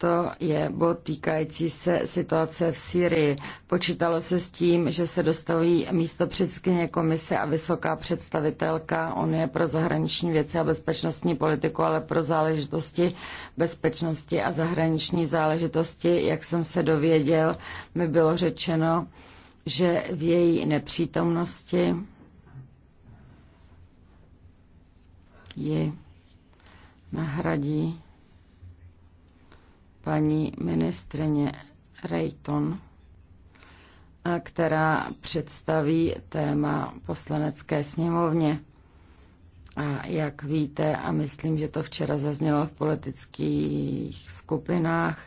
to je bod týkající se situace v Syrii. Počítalo se s tím, že se dostaví místo předsedkyně komise a vysoká představitelka Unie pro zahraniční věci a bezpečnostní politiku, ale pro záležitosti bezpečnosti a zahraniční záležitosti, jak jsem se dověděl, mi bylo řečeno, že v její nepřítomnosti ji nahradí paní ministrině Rayton, která představí téma poslanecké sněmovně. A jak víte, a myslím, že to včera zaznělo v politických skupinách,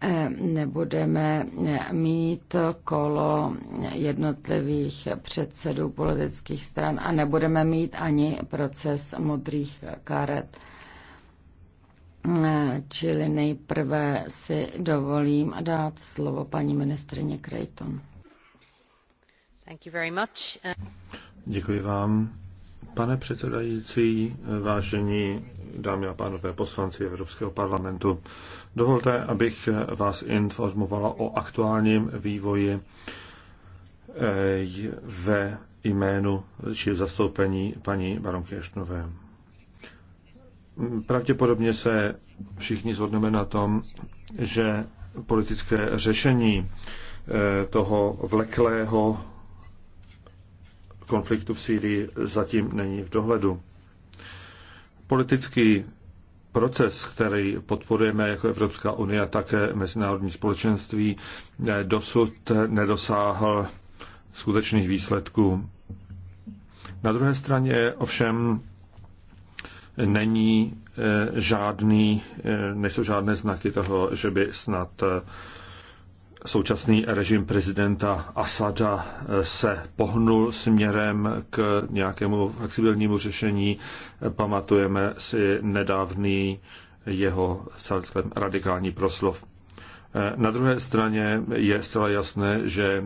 eh, nebudeme eh, mít kolo jednotlivých předsedů politických stran a nebudeme mít ani proces modrých karet. Čili nejprve si dovolím dát slovo paní ministrině Creighton. Thank you very much. Děkuji vám. Pane předsedající, vážení dámy a pánové poslanci Evropského parlamentu, dovolte, abych vás informovala o aktuálním vývoji eh, ve jménu či zastoupení paní baronky Ještnové. Pravděpodobně se všichni shodneme na tom, že politické řešení eh, toho vleklého konfliktu v Sýrii zatím není v dohledu. Politický proces, který podporujeme jako Evropská unie a také mezinárodní společenství, eh, dosud nedosáhl skutečných výsledků. Na druhé straně ovšem není eh, žádný, eh, nejsou žádné znaky toho, že by snad eh, současný režim prezidenta Asada se pohnul směrem k nějakému flexibilnímu řešení. Pamatujeme si nedávný jeho celkem radikální proslov. Na druhé straně je zcela jasné, že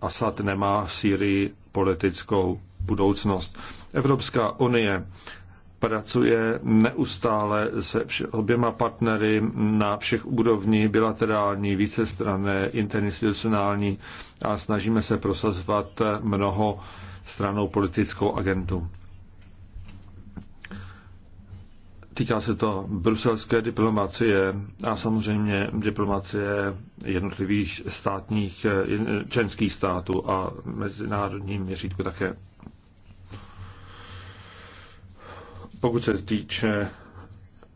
Asad nemá v Sýrii politickou budoucnost. Evropská unie pracuje neustále se oběma partnery na všech úrovních, bilaterální, vícestranné, interinstitucionální a snažíme se prosazovat mnoho stranou politickou agentu. Týká se to bruselské diplomacie a samozřejmě diplomacie jednotlivých státních, eh, eh, členských států a mezinárodním měřítku také. Pokud se týče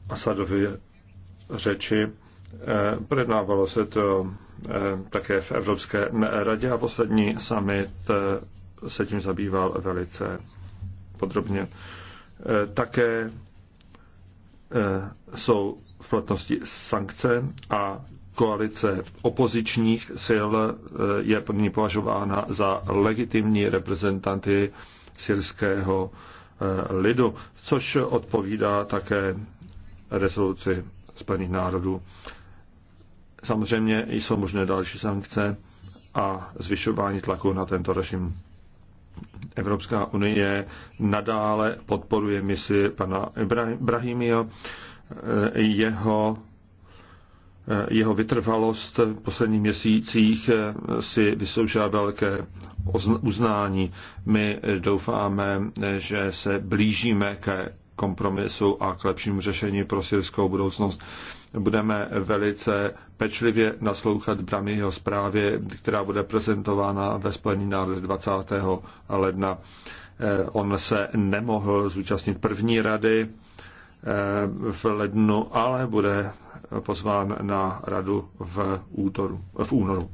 Asadovy řeči, eh, projednávalo se to eh, také v Evropské radě a poslední summit eh, se tím zabýval velice podrobně. Také jsou v platnosti sankce a koalice opozičních sil je nyní považována za legitimní reprezentanty syrského Eh, lidu, což odpovídá také rezoluci Spojených národů. Samozřejmě jsou možné další sankce a zvyšování tlaku na tento režim. Evropská unie nadále podporuje misi pana Ibrahimio. Eh, jeho Eh, jeho vytrvalost v posledních měsících eh, si vysoužila velké uznání. My eh, doufáme, že se blížíme ke kompromisu a k lepšímu řešení pro syrskou budoucnost. Budeme velice pečlivě naslouchat Bramyho zprávě, která bude prezentována ve Spojený národ 20. ledna. On se nemohl zúčastnit první rady Eh, v lednu, ale bude pozván na radu v, útoru, v únoru.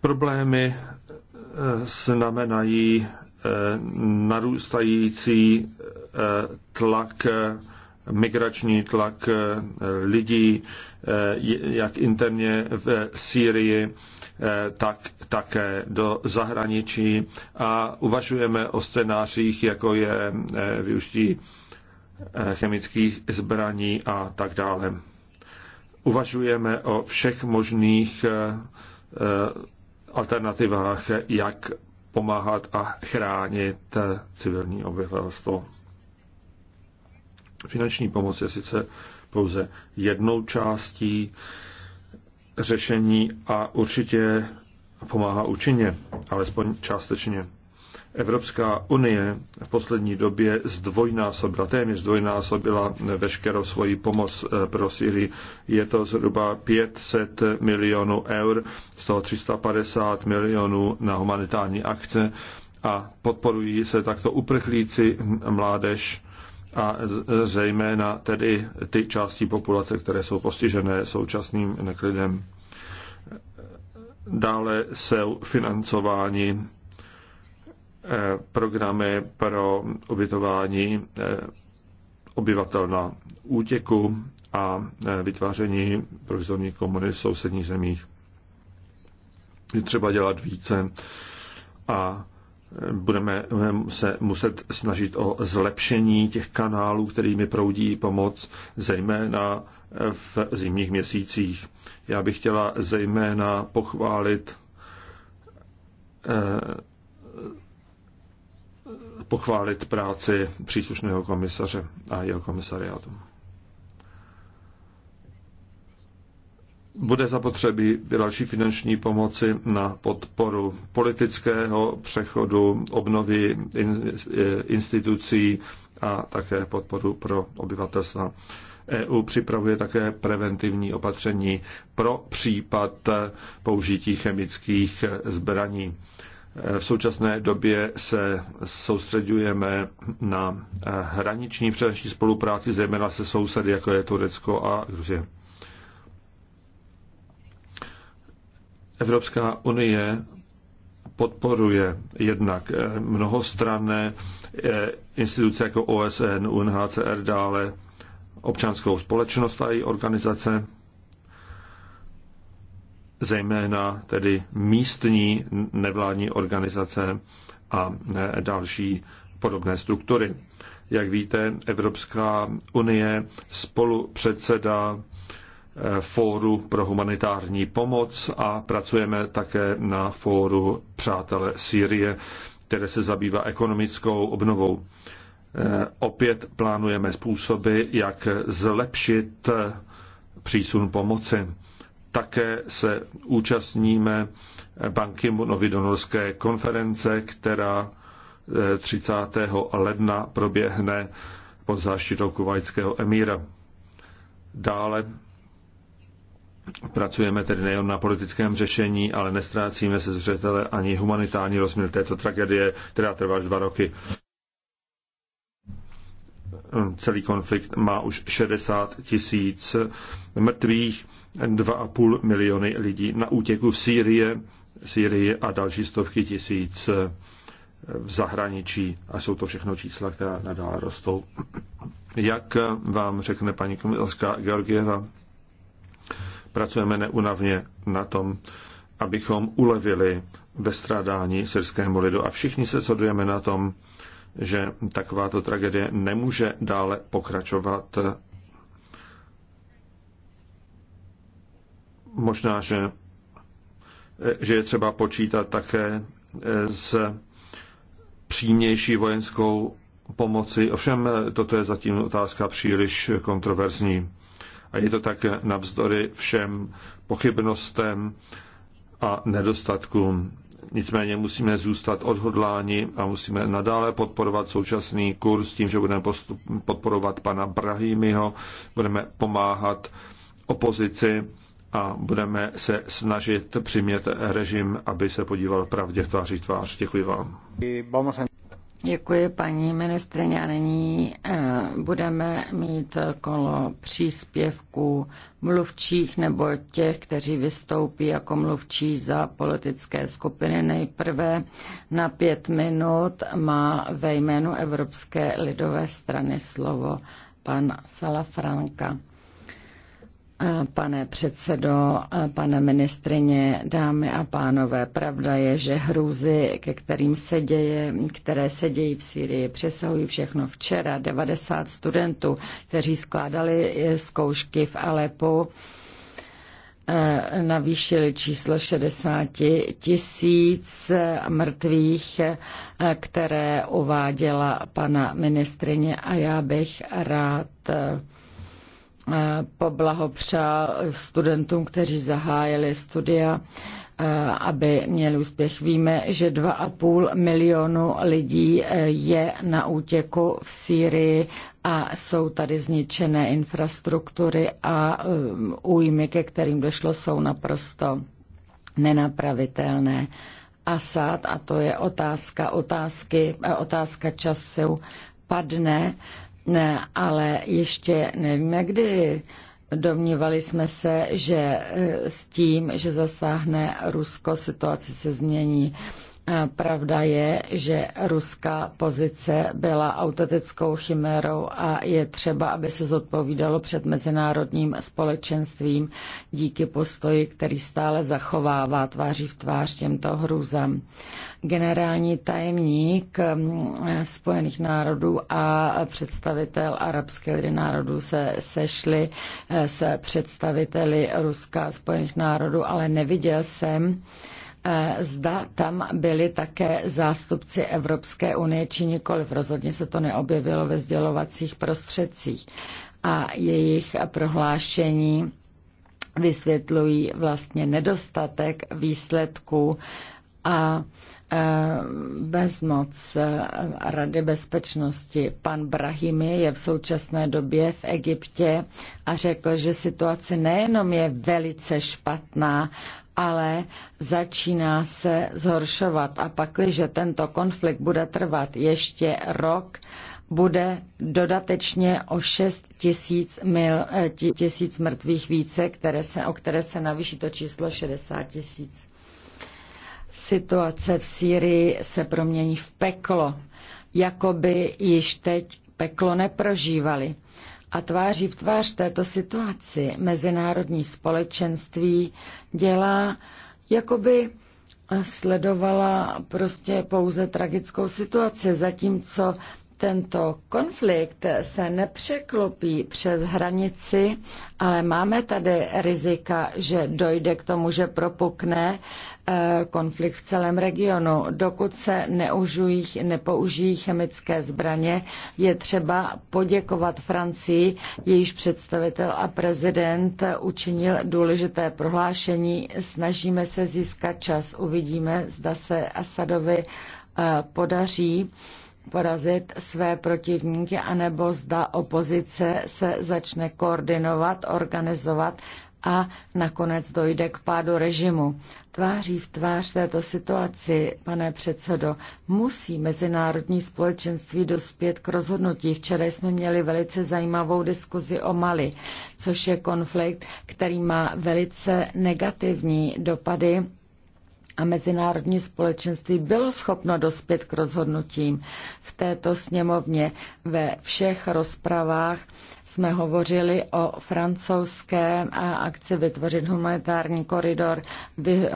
Problémy eh, znamenají eh, narůstající tlak migrační tlak eh, lidí, eh, jak interně v Sýrii, eh, tak také do zahraničí a uvažujeme o scénářích, jako je využití chemických zbraní a tak dále. Uvažujeme o všech možných alternativách, jak pomáhat a chránit civilní obyvatelstvo. Finanční pomoc je sice pouze jednou částí řešení a určitě pomáhá účinně, alespoň částečně. Evropská unie v poslední době zdvojnásobila, téměř zdvojnásobila veškerou svoji pomoc eh, pro Syrii. Je to zhruba 500 milionů eur, z toho 350 milionů na humanitární akce a podporují se takto uprchlíci, mládež a zejména tedy ty části populace, které jsou postižené současným neklidem. Dále jsou financováni eh, programy pro ubytování eh, obyvatel na útěku a eh, vytváření provizorních komunit v sousedních zemích. Je třeba dělat více a budeme se muset snažit o zlepšení těch kanálů, kterými proudí pomoc, zejména v zimních měsících. Já bych chtěla zejména pochválit eh, pochválit práci příslušného komisaře a jeho komisariátu. bude zapotřebí další finanční pomoci na podporu politického přechodu, obnovy eh, institucí a také podporu pro obyvatelstva. EU připravuje také preventivní opatření pro případ použití chemických zbraní. Eh, v současné době se soustředujeme na eh, hraniční přehraniční spolupráci, zejména se sousedy, jako je Turecko a Gruzie. Evropská unie podporuje jednak eh, mnohostranné eh, instituce jako OSN, UNHCR, dále občanskou společnost a její organizace, zejména tedy místní nevládní organizace a eh, další podobné struktury. Jak víte, Evropská unie spolu předsedá fóru pro humanitární pomoc a pracujeme také na fóru Přátelé Sýrie, které se zabývá ekonomickou obnovou. Eh, opět plánujeme způsoby, jak zlepšit eh, přísun pomoci. Také se účastníme banky Munovy donorské konference, která 30. Eh, ledna proběhne pod záštitou kuvajského emíra. Dále Pracujeme tedy nejen na politickém řešení, ale nestrácíme se zřetele ani humanitární rozměr této tragédie, která trvá až dva roky. Celý konflikt má už 60 tisíc mrtvých, 2,5 miliony lidí na útěku v Sýrie, Sýrie a další stovky tisíc v zahraničí a jsou to všechno čísla, která nadále rostou. Jak vám řekne paní komisařka Georgieva, pracujeme neunavně na tom, abychom ulevili ve strádání syrskému lidu. A všichni se shodujeme na tom, že takováto tragédie nemůže dále pokračovat. Možná, že, že je třeba počítat také s přímější vojenskou pomoci. Ovšem, toto je zatím otázka příliš kontroverzní a je to tak navzdory všem pochybnostem a nedostatkům. Nicméně musíme zůstat odhodláni a musíme nadále podporovat současný kurz tím, že budeme postup, podporovat pana Brahimiho, budeme pomáhat opozici a budeme se snažit přimět režim, aby se podíval pravdě tváří tvář. Děkuji vám. Děkuji paní ministrině a nyní eh, budeme mít kolo příspěvků mluvčích nebo těch, kteří vystoupí jako mluvčí za politické skupiny. Nejprve na pět minut má ve jménu Evropské lidové strany slovo pan Salafranka. Eh, pane předsedo, eh, pane ministrině, dámy a pánové, pravda je, že hrůzy, ke kterým se děje, které se dějí v Sýrii, přesahují všechno. Včera 90 studentů, kteří skládali eh, zkoušky v Alepu, navýšili číslo 60 tisíc mrtvých, které uváděla pana ministrině a já bych rád Eh, poblahopřál studentům, kteří zahájili studia, eh, aby měli úspěch. Víme, že 2,5 milionu lidí eh, je na útěku v Sýrii a jsou tady zničené infrastruktury a újmy, ke kterým došlo, jsou naprosto nenapravitelné. Asad, a to je otázka, otázky, otázka času, padne ne, ale ještě nevíme kdy. Domnívali jsme se, že eh, s tím, že zasáhne Rusko, situace se změní. Pravda je, že ruská pozice byla autentickou chimérou a je třeba, aby se zodpovídalo před mezinárodním společenstvím díky postoji, který stále zachovává tváří v tvář těmto hrůzám. Generální tajemník mm, Spojených národů a představitel Arabské lidi národů se sešli eh, s představiteli Ruska a Spojených národů, ale neviděl jsem, Eh, zda tam byli také zástupci Evropské unie či nikoliv. Rozhodně se to neobjevilo ve sdělovacích prostředcích a jejich prohlášení vysvětlují vlastně nedostatek výsledků a eh, bezmoc eh, Rady bezpečnosti. Pan Brahimi je v současné době v Egyptě a řekl, že situace nejenom je velice špatná, ale začíná se zhoršovat. A pakliže tento konflikt bude trvat ještě rok, bude dodatečně o 6 tisíc, mil, eh, tisíc mrtvých více, které se, o které se navýší to číslo 60 tisíc. Situace v Sýrii se promění v peklo, jako by již teď peklo neprožívali. A tváří v tvář této situaci mezinárodní společenství dělá, jakoby sledovala prostě pouze tragickou situaci, zatímco tento konflikt se nepřeklopí přes hranici, ale máme tady rizika, že dojde k tomu, že propukne eh, konflikt v celém regionu. Dokud se neužují, nepoužijí chemické zbraně, je třeba poděkovat Francii, jejíž představitel a prezident učinil důležité prohlášení. Snažíme se získat čas. Uvidíme, zda se Asadovi eh, podaří porazit své protivníky, anebo zda opozice se začne koordinovat, organizovat a nakonec dojde k pádu režimu. Tváří v tvář této situaci, pane předsedo, musí mezinárodní společenství dospět k rozhodnutí. Včera jsme měli velice zajímavou diskuzi o Mali, což je konflikt, který má velice negativní dopady a mezinárodní společenství bylo schopno dospět k rozhodnutím. V této sněmovně ve všech rozpravách jsme hovořili o francouzské akci vytvořit humanitární koridor.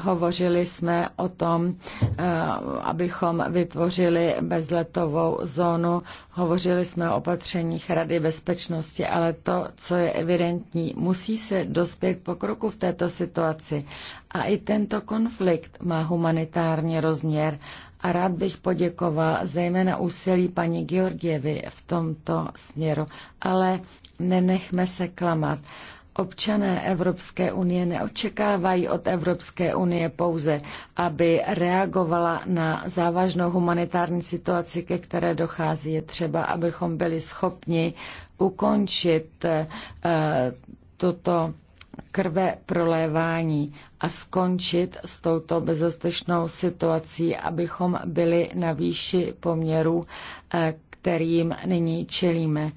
Hovořili jsme o tom, e, abychom vytvořili bezletovou zónu. Hovořili jsme o opatřeních Rady bezpečnosti, ale to, co je evidentní, musí se dospět pokroku v této situaci. A i tento konflikt má humanitární rozměr a rád bych poděkoval zejména úsilí paní Georgievy v tomto směru. Ale nenechme se klamat. Občané Evropské unie neočekávají od Evropské unie pouze, aby reagovala na závažnou humanitární situaci, ke které dochází. Je třeba, abychom byli schopni ukončit uh, eh, toto krve prolévání a skončit s touto bezostečnou situací, abychom byli na výši poměrů, eh, kterým nyní čelíme.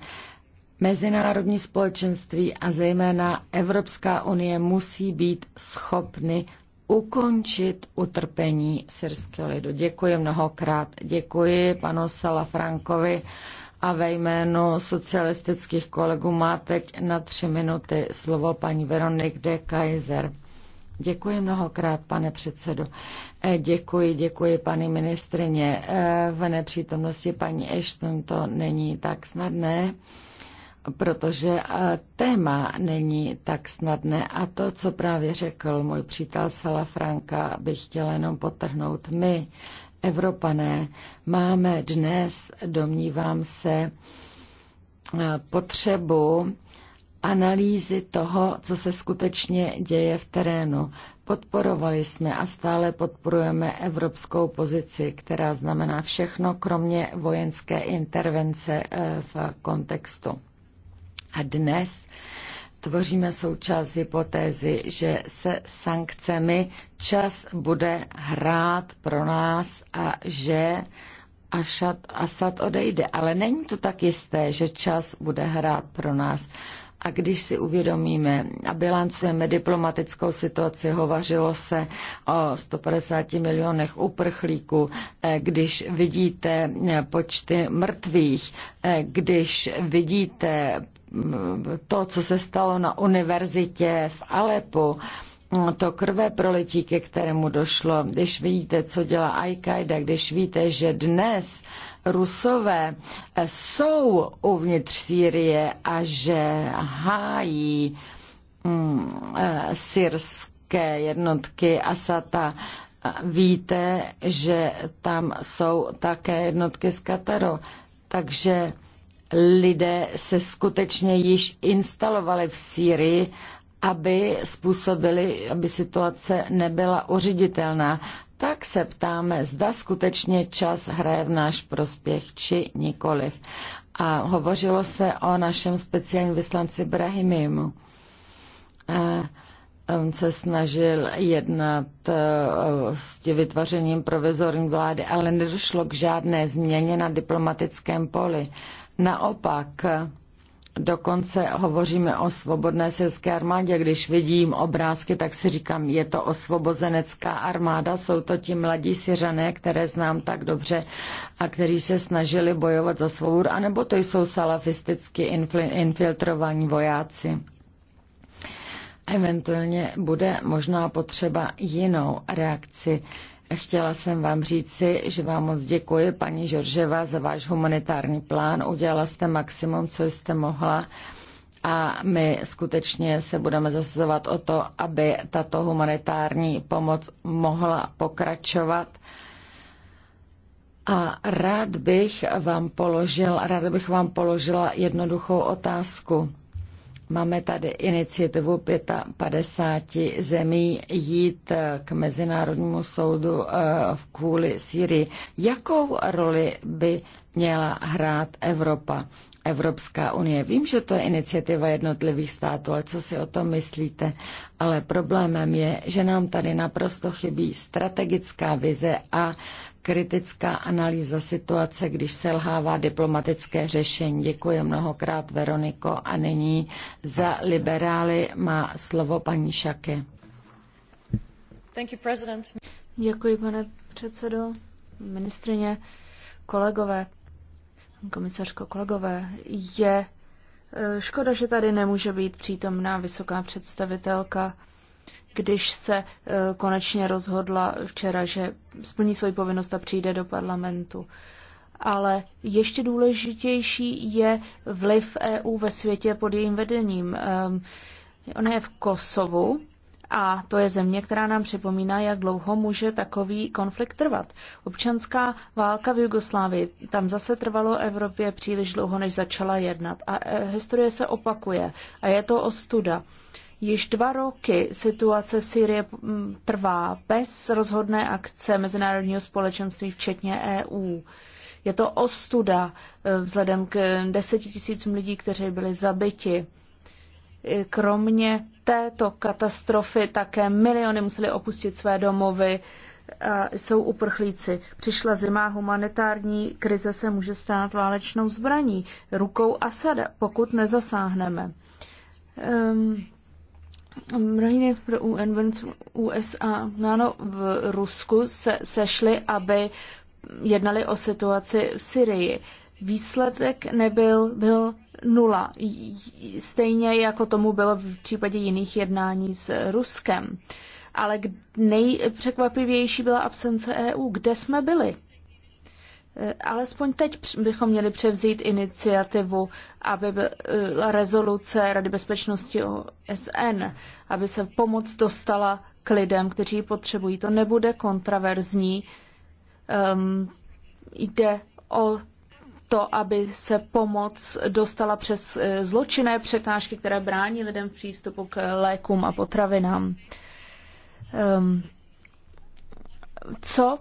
Mezinárodní společenství a zejména Evropská unie musí být schopny ukončit utrpení syrského lidu. Děkuji mnohokrát. Děkuji panu Salafrankovi a ve jménu socialistických kolegů má teď na tři minuty slovo paní Veronik de Kaiser. Děkuji mnohokrát, pane předsedo. E, děkuji, děkuji, paní ministrině. E, v nepřítomnosti paní Ashton to není tak snadné protože e, téma není tak snadné a to, co právě řekl můj přítel Sala Franka, bych chtěl jenom potrhnout. My, Evropané máme dnes, domnívám se, eh, potřebu analýzy toho, co se skutečně děje v terénu. Podporovali jsme a stále podporujeme evropskou pozici, která znamená všechno, kromě vojenské intervence eh, v kontextu. A dnes tvoříme součást hypotézy, že se sankcemi čas bude hrát pro nás a že Asad odejde. Ale není to tak jisté, že čas bude hrát pro nás. A když si uvědomíme a bilancujeme diplomatickou situaci, hovařilo se o 150 milionech uprchlíků, eh, když vidíte eh, počty mrtvých, eh, když vidíte mm, to, co se stalo na univerzitě v Alepu, mm, to krvé proletí, ke kterému došlo, když vidíte, co dělá Aikaida, když víte, že dnes Rusové eh, jsou uvnitř Sýrie a že hájí mm, eh, syrské jednotky Asata. Víte, že tam jsou také jednotky z Kataru, takže lidé se skutečně již instalovali v Sýrii aby způsobili, aby situace nebyla ořiditelná tak se ptáme, zda skutečně čas hraje v náš prospěch či nikoliv. A hovořilo se o našem speciálním vyslanci Brahimimu. On se snažil jednat eh, s vytvořením provizorní vlády, ale nedošlo k žádné změně na diplomatickém poli. Naopak, Dokonce hovoříme o svobodné syrské armádě. Když vidím obrázky, tak si říkám, je to osvobozenecká armáda, jsou to ti mladí syřané, které znám tak dobře a kteří se snažili bojovat za svobodu, anebo to jsou salafisticky infiltrovaní vojáci. Eventuálně bude možná potřeba jinou reakci Chtěla jsem vám říci, že vám moc děkuji, paní Žorževa, za váš humanitární plán. Udělala jste maximum, co jste mohla a my skutečně se budeme zasazovat o to, aby tato humanitární pomoc mohla pokračovat. A rád bych vám položil, rád bych vám položila jednoduchou otázku. Máme tady iniciativu 55 zemí jít eh, k Mezinárodnímu soudu eh, v kvůli Syrii. Jakou roli by měla hrát Evropa, Evropská unie? Vím, že to je iniciativa jednotlivých států, ale co si o tom myslíte? Ale problémem je, že nám tady naprosto chybí strategická vize a kritická analýza situace, když selhává diplomatické řešení. Děkuji mnohokrát, Veroniko. A nyní za liberály má slovo paní Šaky. Děkuji, pane předsedo, ministrině, kolegové, komisařko, kolegové. Je eh, škoda, že tady nemůže být přítomná vysoká představitelka když se eh, konečně rozhodla včera, že splní svoji povinnost a přijde do parlamentu. Ale ještě důležitější je vliv EU ve světě pod jejím vedením. Ehm, ona je v Kosovu, a to je země, která nám připomíná, jak dlouho může takový konflikt trvat. Občanská válka v Jugoslávii, tam zase trvalo Evropě příliš dlouho, než začala jednat. A eh, historie se opakuje a je to ostuda. Již dva roky situace v Syrii mm, trvá bez rozhodné akce mezinárodního společenství, včetně EU. Je to ostuda e, vzhledem k desetitisícům lidí, kteří byli zabiti. E, kromě této katastrofy také miliony museli opustit své domovy, jsou uprchlíci. Přišla zima, humanitární krize se může stát válečnou zbraní rukou Asada, pokud nezasáhneme. Um, Mnohdy pro UN v USA náno v Rusku se sešli, aby jednali o situaci v Syrii. Výsledek nebyl byl nula, stejně jako tomu bylo v případě jiných jednání s Ruskem. Ale nejpřekvapivější byla absence EU. Kde jsme byli? Eh, alespoň teď bychom měli převzít iniciativu, aby byla eh, rezoluce Rady bezpečnosti OSN, aby se pomoc dostala k lidem, kteří ji potřebují. To nebude kontraverzní. Um, jde o to, aby se pomoc dostala přes eh, zločinné překážky, které brání lidem v přístupu k lékům a potravinám. Um, co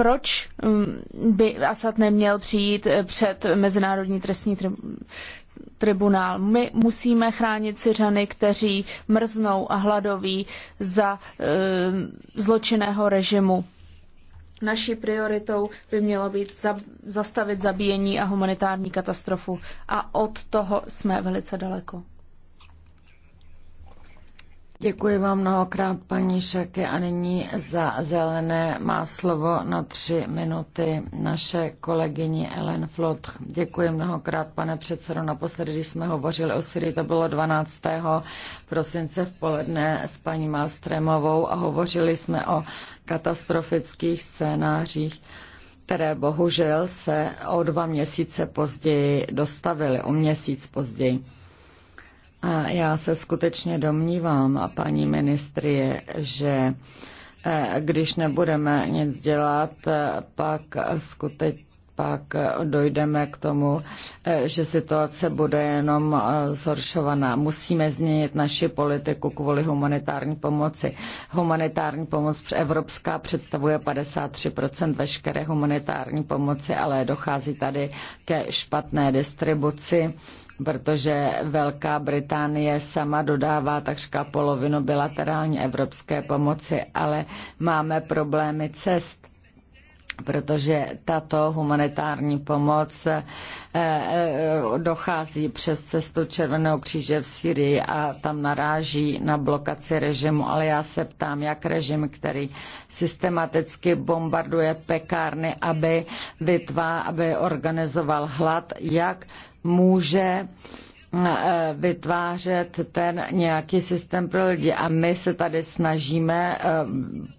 proč mm, by Asad neměl přijít eh, před Mezinárodní trestní tribunál? My musíme chránit Syřany, kteří mrznou a hladoví za eh, zločinného režimu. Naší prioritou by mělo být za, zastavit zabíjení a humanitární katastrofu. A od toho jsme velice daleko. Děkuji vám mnohokrát, paní Šaky, a nyní za zelené má slovo na tři minuty naše kolegyně Ellen Flot. Děkuji mnohokrát, pane předsedo. Naposledy, když jsme hovořili o Syrii, to bylo 12. prosince v poledne s paní Malstremovou a hovořili jsme o katastrofických scénářích které bohužel se o dva měsíce později dostavily, o měsíc později. A já se skutečně domnívám, a paní ministrie, že e, když nebudeme nic dělat, e, pak skutečně pak dojdeme k tomu, e, že situace bude jenom zhoršovaná. Musíme změnit naši politiku kvůli humanitární pomoci. Humanitární pomoc evropská představuje 53% veškeré humanitární pomoci, ale dochází tady ke špatné distribuci protože Velká Británie sama dodává takřka polovinu bilaterální evropské pomoci, ale máme problémy cest protože tato humanitární pomoc eh, eh, dochází přes cestu Červeného kříže v Syrii a tam naráží na blokaci režimu. Ale já se ptám, jak režim, který systematicky bombarduje pekárny, aby, vytvá, aby organizoval hlad, jak může eh, vytvářet ten nějaký systém pro lidi. A my se tady snažíme eh,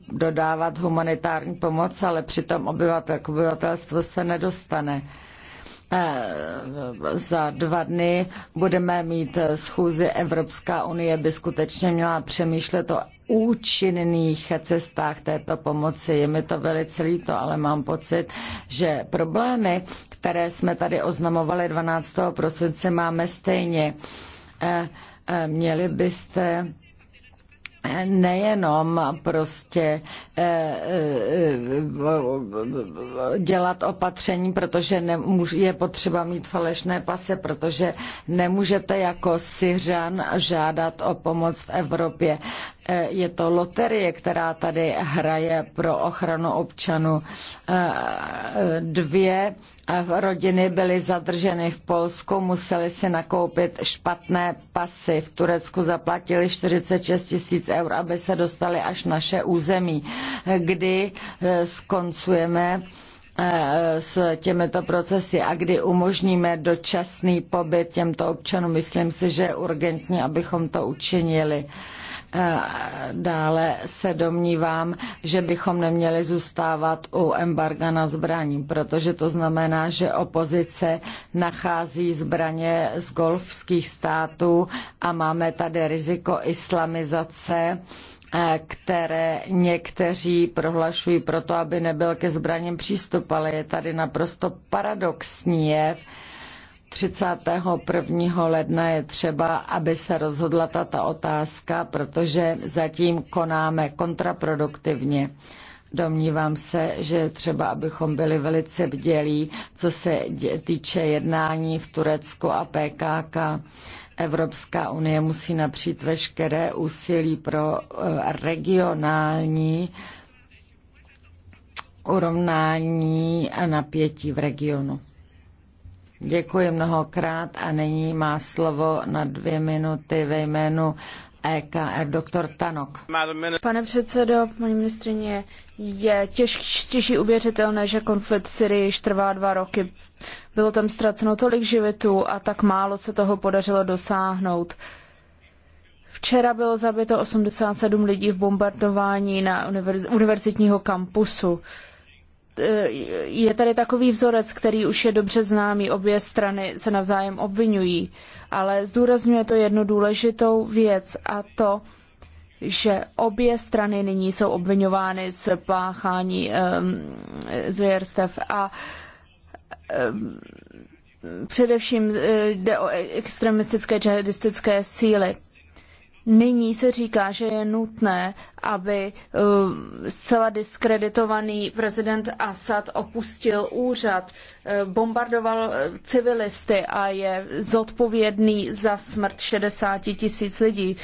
dodávat humanitární pomoc, ale přitom obyvatel, k obyvatelstvu se nedostane. Eh, za dva dny budeme mít schůzi Evropská unie by skutečně měla přemýšlet o účinných cestách této pomoci. Je mi to velice líto, ale mám pocit, že problémy, které jsme tady oznamovali 12. prosince, máme stejně. Eh, eh, měli byste nejenom prostě eh, eh, dělat opatření, protože je potřeba mít falešné pase, protože nemůžete jako Syřan žádat o pomoc v Evropě. Eh, je to loterie, která tady hraje pro ochranu občanů. Eh, dvě eh, rodiny byly zadrženy v Polsku, museli si nakoupit špatné pasy. V Turecku zaplatili 46 tisíc eur, aby se dostali až naše území, kdy skoncujeme s těmito procesy a kdy umožníme dočasný pobyt těmto občanům. Myslím si, že je urgentní, abychom to učinili. Dále se domnívám, že bychom neměli zůstávat u embarga na zbraní, protože to znamená, že opozice nachází zbraně z golfských států a máme tady riziko islamizace eh, které někteří prohlašují proto, aby nebyl ke zbraním přístup, ale je tady naprosto paradoxní jev, 31. ledna je třeba, aby se rozhodla tato otázka, protože zatím konáme kontraproduktivně. Domnívám se, že třeba, abychom byli velice bdělí, co se týče jednání v Turecku a PKK. Evropská unie musí napřít veškeré úsilí pro eh, regionální urovnání napětí v regionu. Děkuji mnohokrát a nyní má slovo na dvě minuty ve jménu EKR doktor Tanok. Pane předsedo, paní ministrině, je těž, těžší uvěřitelné, že konflikt v Syrii již trvá dva roky. Bylo tam ztraceno tolik životů a tak málo se toho podařilo dosáhnout. Včera bylo zabito 87 lidí v bombardování na univerz, univerzitního kampusu. Eh, je tady takový vzorec, který už je dobře známý, obě strany se navzájem obvinují, ale zdůrazňuje to jednu důležitou věc a to, že obě strany nyní jsou obvinovány z páchání um, zvěrstev a um, především eh, jde o extremistické džihadistické síly. Nyní se říká, že je nutné, aby eh, zcela diskreditovaný prezident Assad opustil úřad, eh, bombardoval eh, civilisty a je zodpovědný za smrt 60 tisíc lidí.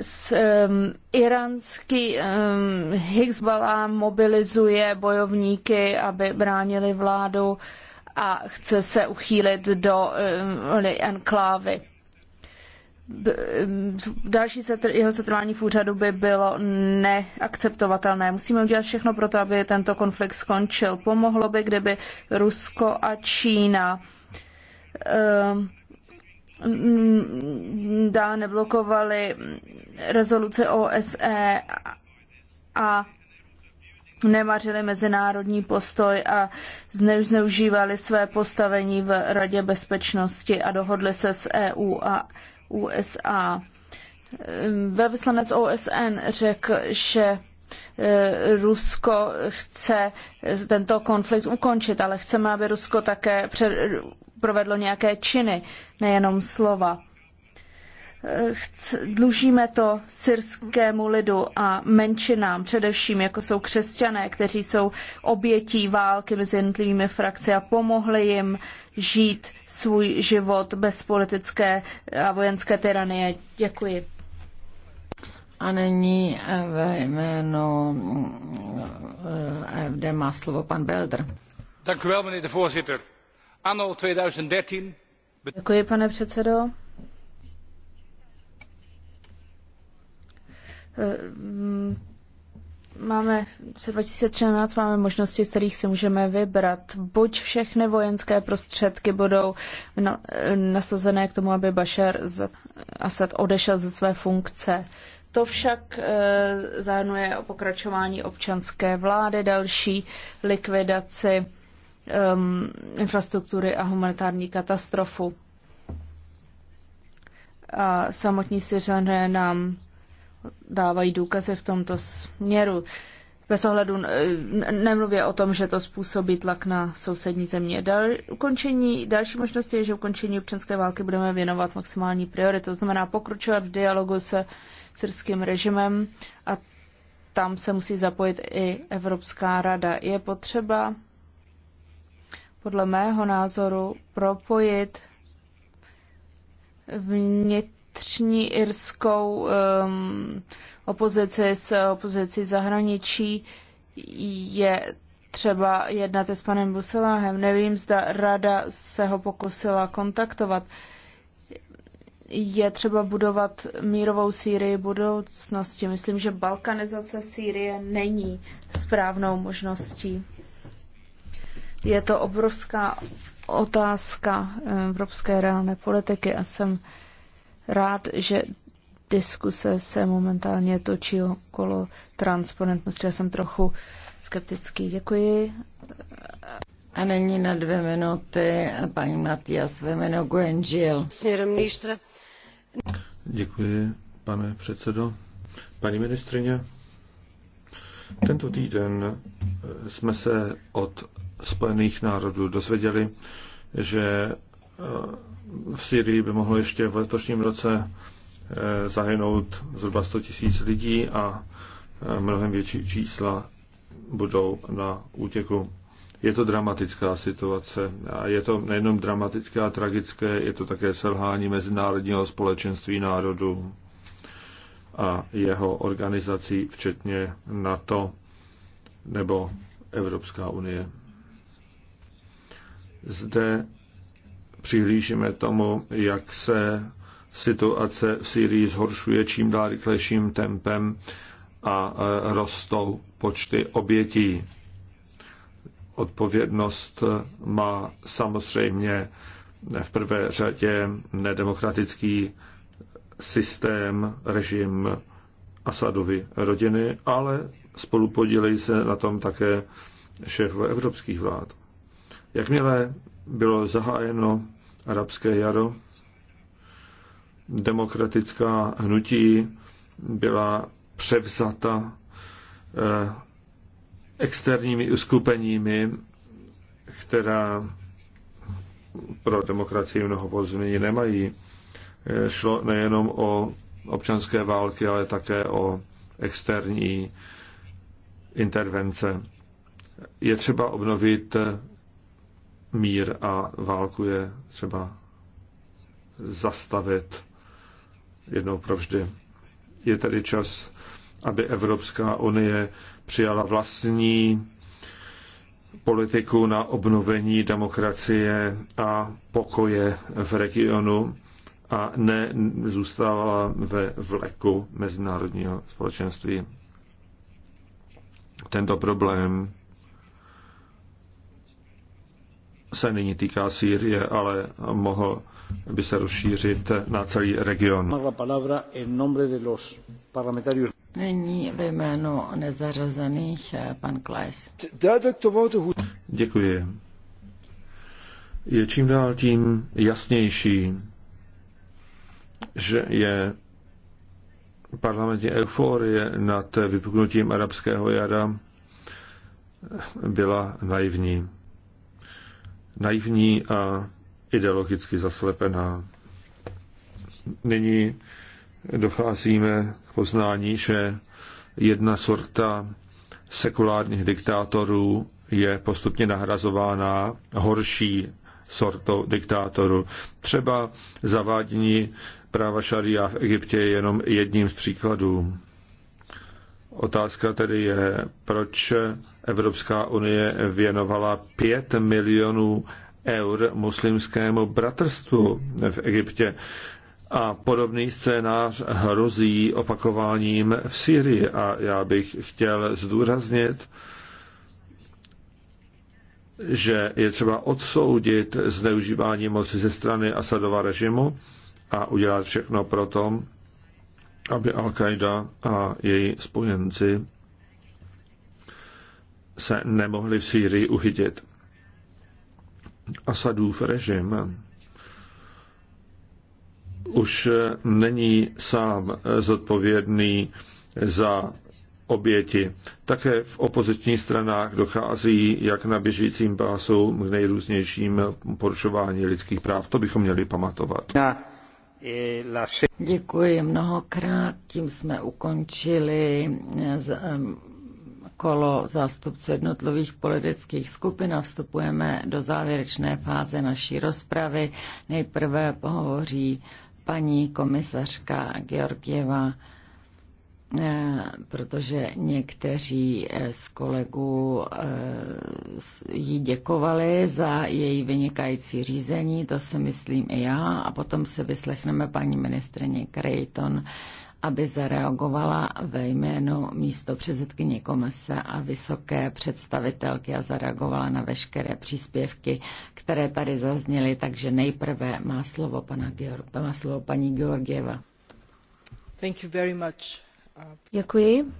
S, um, iránský um, Hezbollah mobilizuje bojovníky, aby bránili vládu a chce se uchýlit do um, enklávy další setr, jeho setrvání v úřadu by bylo neakceptovatelné. Musíme udělat všechno pro to, aby tento konflikt skončil. Pomohlo by, kdyby Rusko a Čína um, dá neblokovali rezoluce OSE a nemařili mezinárodní postoj a zneužívali své postavení v Radě bezpečnosti a dohodli se s EU a USA. Velvyslanec OSN řekl, že eh, Rusko chce eh, tento konflikt ukončit, ale chceme, aby Rusko také provedlo nějaké činy, nejenom slova dlužíme to syrskému lidu a menšinám, především jako jsou křesťané, kteří jsou obětí války mezi jednotlivými frakci a pomohli jim žít svůj život bez politické a vojenské tyranie. Děkuji. A nyní eh, ve jménu eh, eh, FD má slovo pan Belder. Děkuji, pane předsedo. Eh, mm, máme se 2013 máme možnosti, z kterých si můžeme vybrat. Buď všechny vojenské prostředky budou na, eh, nasazené k tomu, aby Bashar Assad odešel ze své funkce. To však e, zahrnuje o pokračování občanské vlády, další likvidaci ehm, infrastruktury a humanitární katastrofu. A samotní Syřané nám dávají důkazy v tomto směru. Bez ohledu eh, nemluvě o tom, že to způsobí tlak na sousední země. Dal, ukončení, další možnost je, že ukončení občanské války budeme věnovat maximální prioritu. To znamená pokročovat v dialogu se syrským režimem a tam se musí zapojit i Evropská rada. Je potřeba podle mého názoru propojit vnitř vnitřní irskou um, opozici s opozicí zahraničí je třeba jednat s panem Buseláhem. Nevím, zda rada se ho pokusila kontaktovat. Je třeba budovat mírovou Sýrii budoucnosti. Myslím, že balkanizace Sýrie není správnou možností. Je to obrovská otázka evropské reálné politiky a jsem rád, že diskuse se momentálně točí okolo transparentnosti. Já jsem trochu skeptický. Děkuji. A není na dvě minuty paní Matias ve jméno Guengil. Děkuji, pane předsedo. Paní ministrině, tento týden eh, jsme se od Spojených národů dozvěděli, že v Syrii by mohlo ještě v letošním roce eh, zahynout zhruba 100 tisíc lidí a eh, mnohem větší čísla budou na útěku. Je to dramatická situace a je to nejenom dramatické a tragické, je to také selhání mezinárodního společenství národů a jeho organizací, včetně NATO nebo Evropská unie. Zde přihlížíme tomu, jak se situace v Syrii zhoršuje čím dál rychlejším tempem a e, rostou počty obětí. Odpovědnost e, má samozřejmě v prvé řadě nedemokratický systém, režim Asadovy rodiny, ale spolupodílejí se na tom také šéfové evropských vlád. Jakmile bylo zahájeno arabské jaro, demokratická hnutí byla převzata eh, externími uskupeními, která pro demokracii mnoho pozmění nemají. Eh, šlo nejenom o občanské války, ale také o externí intervence. Je třeba obnovit mír a válku je třeba zastavit jednou provždy. Je tedy čas, aby Evropská unie přijala vlastní politiku na obnovení demokracie a pokoje v regionu a ne zůstávala ve vleku mezinárodního společenství. Tento problém se nyní týká Sýrie, ale mohl by se rozšířit na celý region. Nyní ve jménu nezařazených eh, pan Děkuji. Je čím dál tím jasnější, že je parlamentní euforie nad vypuknutím arabského jara eh, byla naivní naivní a ideologicky zaslepená. Nyní docházíme k poznání, že jedna sorta sekulárních diktátorů je postupně nahrazována horší sortou diktátorů. Třeba zavádění práva šaria v Egyptě je jenom jedním z příkladů. Otázka tedy je, proč Evropská unie věnovala 5 milionů eur muslimskému bratrstvu v Egyptě. A podobný scénář hrozí opakováním v Syrii. A já bych chtěl zdůraznit, že je třeba odsoudit zneužívání moci ze strany Asadova režimu a udělat všechno pro to, aby Al-Qaida a její spojenci se nemohli v Sýrii uchytit. Asadův režim už není sám zodpovědný za oběti. Také v opozičních stranách dochází jak na běžícím pásu k nejrůznějším porušování lidských práv. To bychom měli pamatovat. Na Děkuji mnohokrát, tím jsme ukončili eh, kolo zástupců jednotlivých politických skupin a vstupujeme do závěrečné fáze naší rozpravy. Nejprve pohovoří paní komisařka Georgieva. Eh, protože někteří eh, z kolegů eh, jí děkovali za její vynikající řízení, to si myslím i já, a potom se vyslechneme paní ministrině Creighton, aby zareagovala ve jménu místo předsedkyně komise a vysoké představitelky a zareagovala na veškeré příspěvky, které tady zazněly, takže nejprve má slovo, pana Georg, má slovo paní Georgieva. Thank you very much. Děkuji.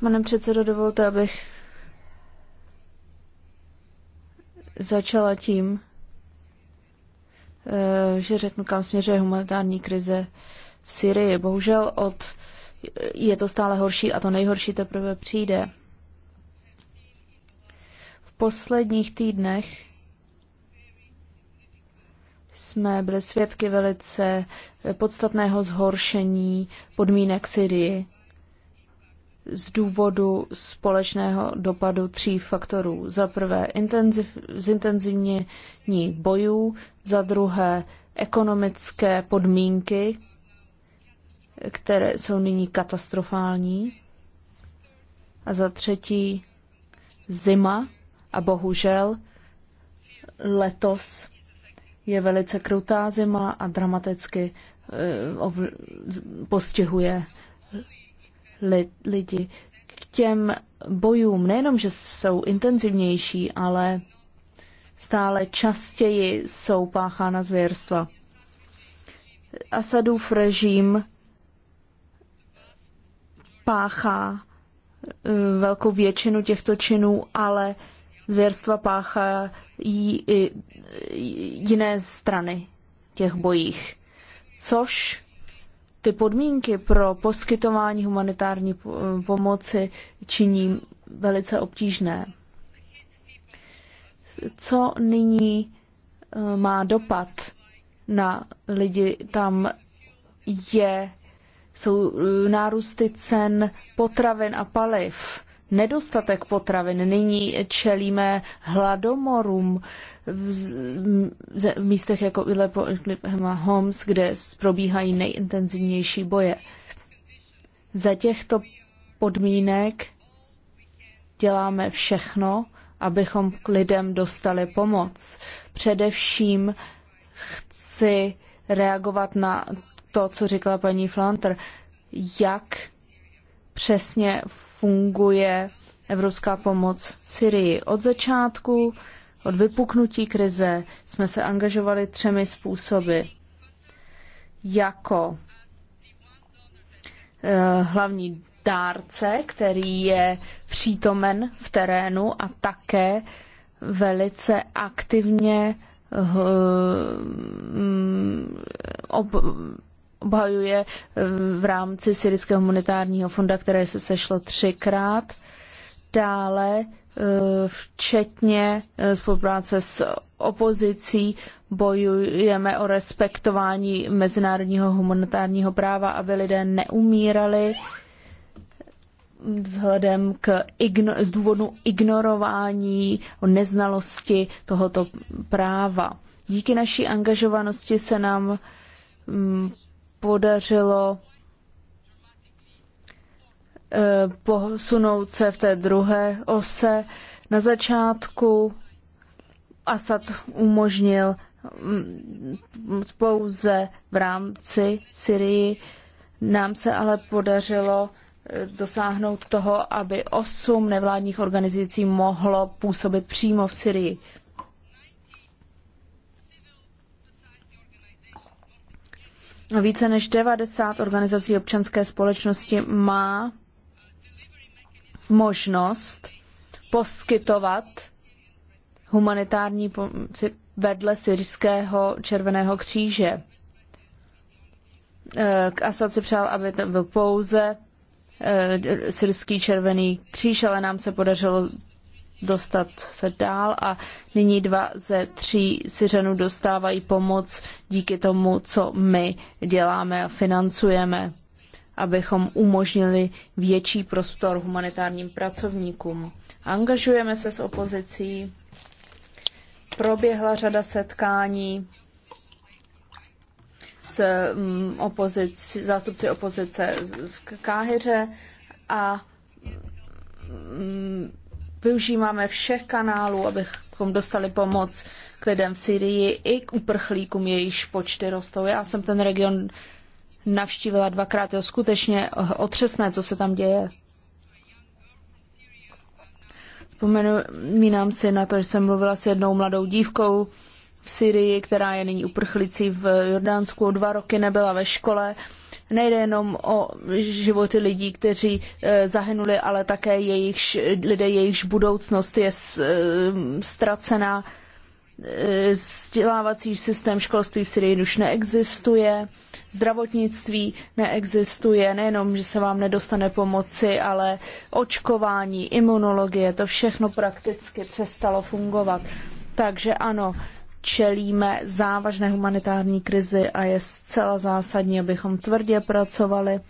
Pane předsedo, dovolte, abych začala tím, eh, že řeknu, kam směřuje humanitární krize v Syrii. Bohužel od, je to stále horší a to nejhorší teprve přijde. V posledních týdnech jsme byli svědky velice podstatného zhoršení podmínek Syrii z důvodu společného dopadu tří faktorů. Za prvé zintenzivnění bojů, za druhé ekonomické podmínky, které jsou nyní katastrofální, a za třetí zima a bohužel letos je velice krutá zima a dramaticky eh, postihuje lidi. K těm bojům nejenom, že jsou intenzivnější, ale stále častěji jsou páchána zvěrstva. Asadův režim páchá eh, velkou většinu těchto činů, ale zvěrstva páchá jiné strany těch bojích, což ty podmínky pro poskytování humanitární pomoci činí velice obtížné. Co nyní eh, má dopad na lidi tam je, jsou eh, nárůsty cen potravin a paliv nedostatek potravin. Nyní čelíme hladomorům v, v místech jako Homs, kde probíhají nejintenzivnější boje. Za těchto podmínek děláme všechno, abychom k lidem dostali pomoc. Především chci reagovat na to, co říkala paní Flanter, jak přesně funguje evropská pomoc Syrii. Od začátku, od vypuknutí krize, jsme se angažovali třemi způsoby. Jako eh, hlavní dárce, který je přítomen v terénu a také velice aktivně eh, ob, obhajuje eh, v rámci Syrického humanitárního fonda, které se sešlo třikrát. Dále eh, včetně eh, spolupráce s opozicí bojujeme o respektování mezinárodního humanitárního práva, aby lidé neumírali vzhledem k igno- z důvodu ignorování, neznalosti tohoto práva. Díky naší angažovanosti se nám mm, podařilo eh, posunout se v té druhé ose. Na začátku Asad umožnil mm, pouze v rámci Syrii. Nám se ale podařilo eh, dosáhnout toho, aby osm nevládních organizací mohlo působit přímo v Syrii. Více než 90 organizací občanské společnosti má možnost poskytovat humanitární pomoci vedle syrského Červeného kříže. Eh, k Asad si přál, aby to byl pouze eh, syrský Červený kříž, ale nám se podařilo dostat se dál a nyní dva ze tří Syřanů dostávají pomoc díky tomu, co my děláme a financujeme, abychom umožnili větší prostor humanitárním pracovníkům. Angažujeme se s opozicí, proběhla řada setkání s mm, opozici, zástupci opozice v Káhyře a mm, Využíváme všech kanálů, abychom dostali pomoc k lidem v Syrii i k uprchlíkům, jejichž počty rostou. Já jsem ten region navštívila dvakrát. Je skutečně otřesné, co se tam děje. Vzpomínám si na to, že jsem mluvila s jednou mladou dívkou v Syrii, která je nyní uprchlicí v Jordánsku. Dva roky nebyla ve škole nejde jenom o životy lidí, kteří eh, zahynuli, ale také jejich, lidé, jejichž budoucnost je eh, ztracená. Eh, vzdělávací systém školství v Syrii už neexistuje, zdravotnictví neexistuje, nejenom, že se vám nedostane pomoci, ale očkování, imunologie, to všechno prakticky přestalo fungovat. Takže ano, čelíme závažné humanitární krizi a je zcela zásadní, abychom tvrdě pracovali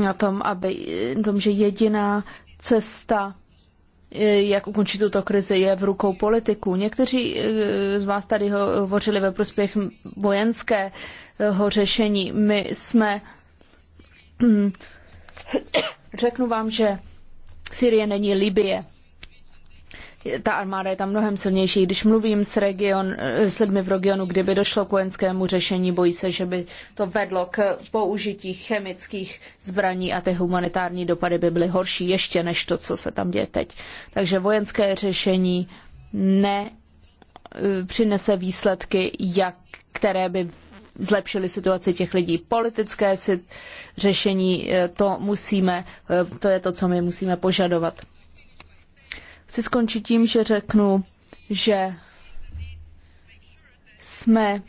na tom, aby, na tom že jediná cesta, e, jak ukončit tuto krizi, je v rukou politiků. Někteří e, z vás tady hovořili ve prospěch vojenského řešení. My jsme, hm, řeknu vám, že Syrie není Libie ta armáda je tam mnohem silnější. Když mluvím s, region, s lidmi v regionu, kdyby došlo k vojenskému řešení, bojí se, že by to vedlo k použití chemických zbraní a ty humanitární dopady by byly horší ještě než to, co se tam děje teď. Takže vojenské řešení ne eh, přinese výsledky, jak, které by zlepšily situaci těch lidí. Politické si řešení, eh, to musíme, eh, to je to, co my musíme požadovat chci skončit tím, že řeknu, že jsme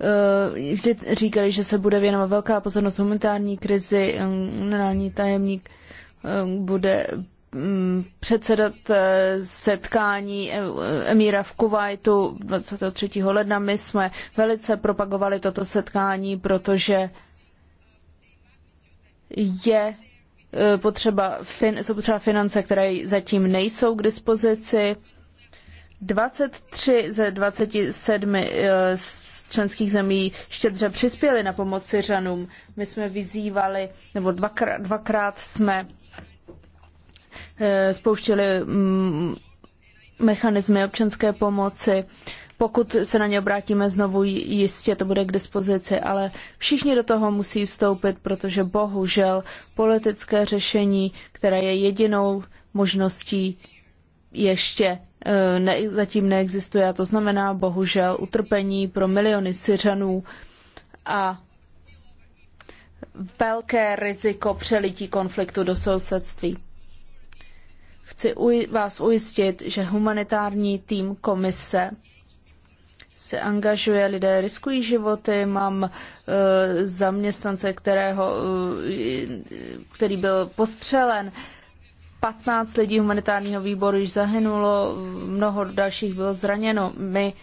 eh, vždy říkali, že se bude věnovat velká pozornost momentální krizi, generální tajemník eh, bude mm, předsedat eh, setkání emíra v Kuwaitu 23. ledna. My jsme velice propagovali toto setkání, protože je Eh, potřeba, fin, jsou potřeba finance, které zatím nejsou k dispozici. 23 ze 27 eh, z členských zemí štědře přispěli na pomoc Syřanům. My jsme vyzývali, nebo dvakrát, dvakrát jsme eh, spouštěli mm, mechanismy občanské pomoci. Pokud se na ně obrátíme znovu, jistě to bude k dispozici, ale všichni do toho musí vstoupit, protože bohužel politické řešení, které je jedinou možností, ještě eh, ne, zatím neexistuje. A to znamená bohužel utrpení pro miliony Syřanů a velké riziko přelití konfliktu do sousedství. Chci vás ujistit, že humanitární tým komise se angažuje, lidé riskují životy, mám uh, zaměstnance, kterého, uh, který byl postřelen, 15 lidí humanitárního výboru již zahynulo, mnoho dalších bylo zraněno. My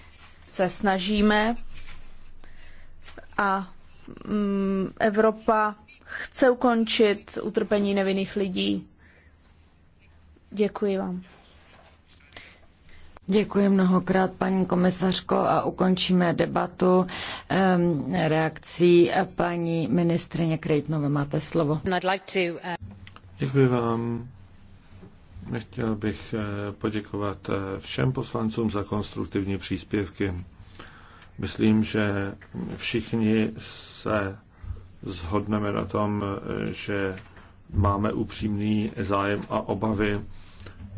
se snažíme a um, Evropa chce ukončit utrpení nevinných lidí. Děkuji vám. Děkuji mnohokrát, paní komisařko, a ukončíme debatu reakcí paní ministrině Krejtnové. Máte slovo. Eh, Děkuji vám. Chtěl bych eh, poděkovat eh, všem poslancům za konstruktivní příspěvky. Myslím, že všichni se zhodneme na tom, že máme upřímný zájem a obavy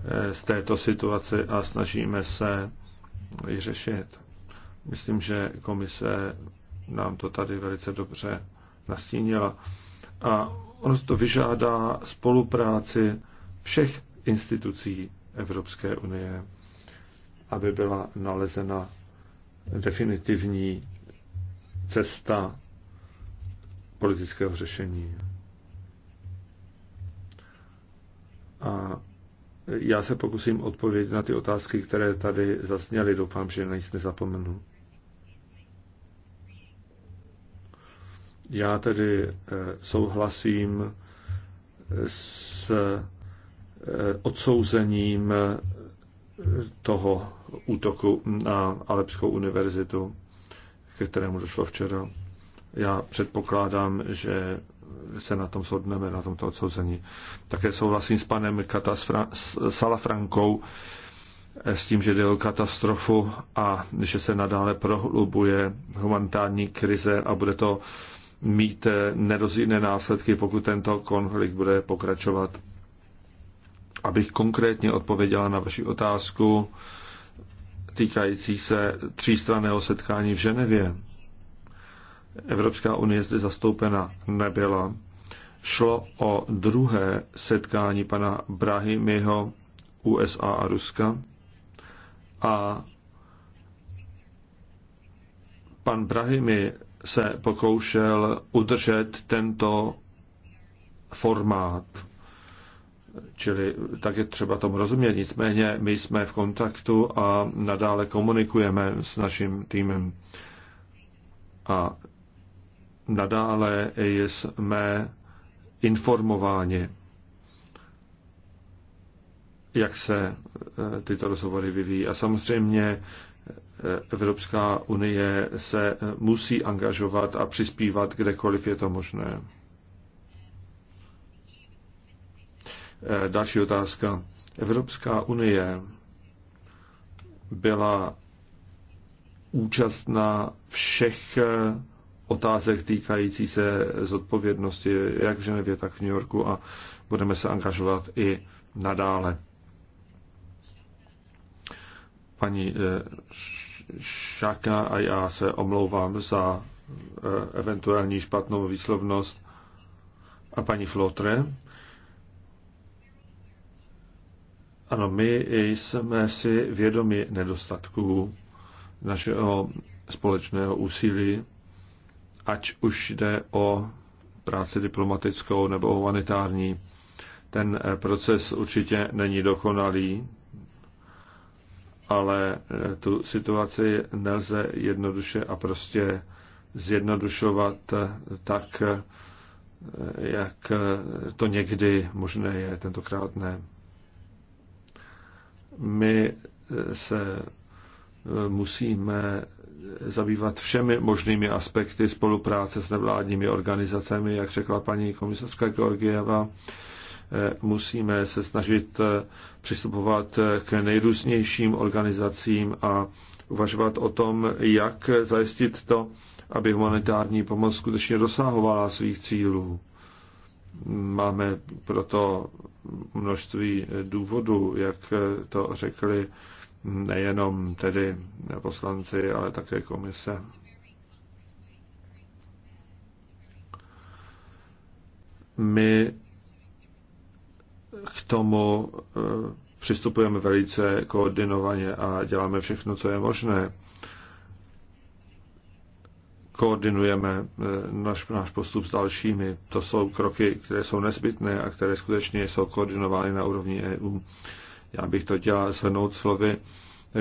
Eh, z této situace a snažíme se ji řešit. Myslím, že komise nám to tady velice dobře nastínila. A ono to vyžádá spolupráci všech institucí Evropské unie, aby byla nalezena definitivní cesta politického řešení. A já se pokusím odpovědět na ty otázky, které tady zasněly. Doufám, že na nic nezapomenu. Já tedy eh, souhlasím eh, s eh, odsouzením toho útoku na Alepskou univerzitu, ke kterému došlo včera. Já předpokládám, že se na tom shodneme, na tomto odsouzení. Také souhlasím s panem s Salafrankou eh, s tím, že jde o katastrofu a že se nadále prohlubuje humanitární krize a bude to mít eh, nedozírné následky, pokud tento konflikt bude pokračovat. Abych konkrétně odpověděla na vaši otázku týkající se třístraného setkání v Ženevě Evropská unie zde zastoupena nebyla. Šlo o druhé setkání pana Brahimiho USA a Ruska a pan Brahimi se pokoušel udržet tento formát, čili tak je třeba tomu rozumět. Nicméně my jsme v kontaktu a nadále komunikujeme s naším týmem. A nadále jsme informováni, jak se eh, tyto rozhovory vyvíjí. A samozřejmě eh, Evropská unie se eh, musí angažovat a přispívat kdekoliv je to možné. Další otázka. Evropská unie byla účastná všech otázek týkající se zodpovědnosti, jak v Ženevě, tak v New Yorku a budeme se angažovat i nadále. Paní eh, Šaka a já se omlouvám za eh, eventuální špatnou výslovnost a paní Flotre. Ano, my jsme si vědomi nedostatků našeho společného úsilí ať už jde o práci diplomatickou nebo humanitární. Ten eh, proces určitě není dokonalý, ale eh, tu situaci nelze jednoduše a prostě zjednodušovat eh, tak, jak to někdy možné je, tentokrát ne. My se musíme zabývat všemi možnými aspekty spolupráce s nevládními organizacemi, jak řekla paní komisařka Georgieva. Eh, musíme se snažit eh, přistupovat k nejrůznějším organizacím a uvažovat o tom, jak zajistit to, aby humanitární pomoc skutečně dosahovala svých cílů. Máme proto množství důvodů, jak to řekli nejenom tedy poslanci, ale také komise. My k tomu eh, přistupujeme velice koordinovaně a děláme všechno, co je možné. Koordinujeme eh, náš, náš postup s dalšími. To jsou kroky, které jsou nezbytné a které skutečně jsou koordinovány na úrovni EU. Já bych to chtěl shrnout slovy,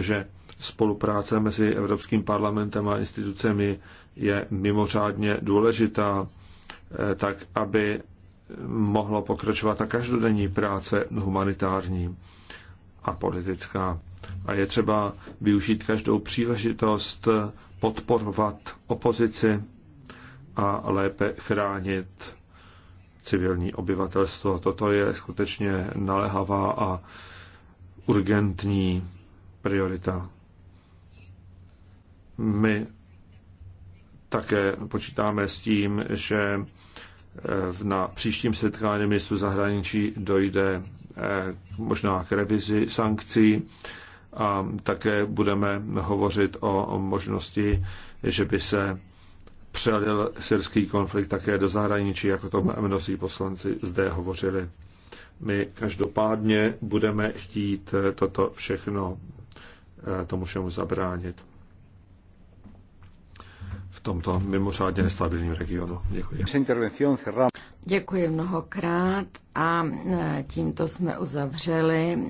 že spolupráce mezi Evropským parlamentem a institucemi je mimořádně důležitá, eh, tak aby mohlo pokračovat ta každodenní práce humanitární a politická. A je třeba využít každou příležitost podporovat opozici a lépe chránit civilní obyvatelstvo. Toto je skutečně naléhavá a urgentní priorita. My také počítáme s tím, že eh, na příštím setkání ministru zahraničí dojde eh, možná k revizi sankcí a také budeme hovořit o možnosti, že by se přelil syrský konflikt také do zahraničí, jako to mnozí poslanci zde hovořili. My každopádně budeme chtít eh, toto všechno eh, tomu všemu zabránit v tomto mimořádně nestabilním regionu. Děkuji. Děkuji mnohokrát a eh, tímto jsme uzavřeli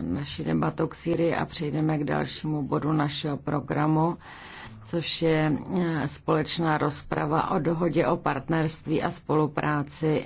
naši debatu k Syrii a přejdeme k dalšímu bodu našeho programu, což je společná rozprava o dohodě o partnerství a spolupráci